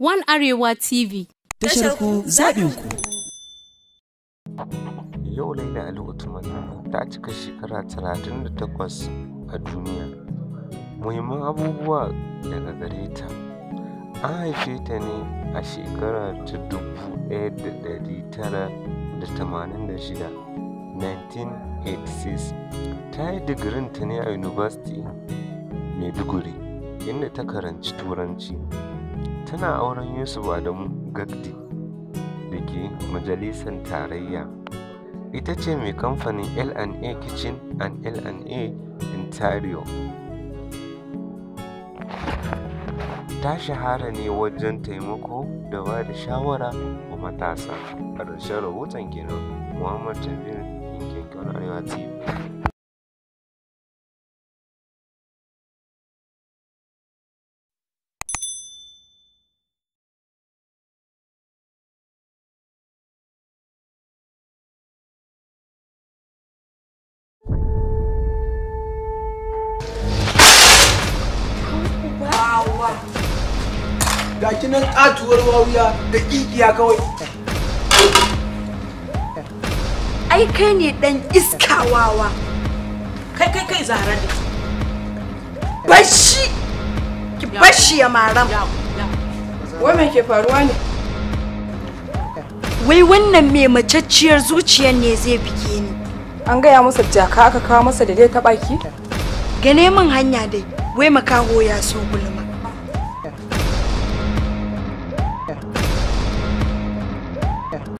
One Arewa TV. Tashar ku zaɓin ku. Yau Laila Ali Usman ta cika shekara talatin da takwas a duniya. Muhimman abubuwa daga gare ta. An haife ta ne a shekara ta dubu ɗaya da da da tara tamanin shida 1986 ta yi digirin ta ne a University Maiduguri inda ta karanci Turanci. tana auren yusuf adamu gagdi da ke majalisar tarayya ita ce mai kamfanin l&a kitchen and l&a interior ta shahara ne wajen taimako da ba da shawara wa matasa a rahoton kenan muhammad tamir yankin arewa tv ga kinan katuwar wawuya da kikiya kawai ai kai ne dan iska wawa kai kai kai zara da bashi ki bashi ya maram wai me ke faruwa ne wai wannan mai macacciyar zuciyar ne zai bige ni an gaya masa jaka aka kawo masa da dai ta baki gane min hanya dai wai makaho ya so gulma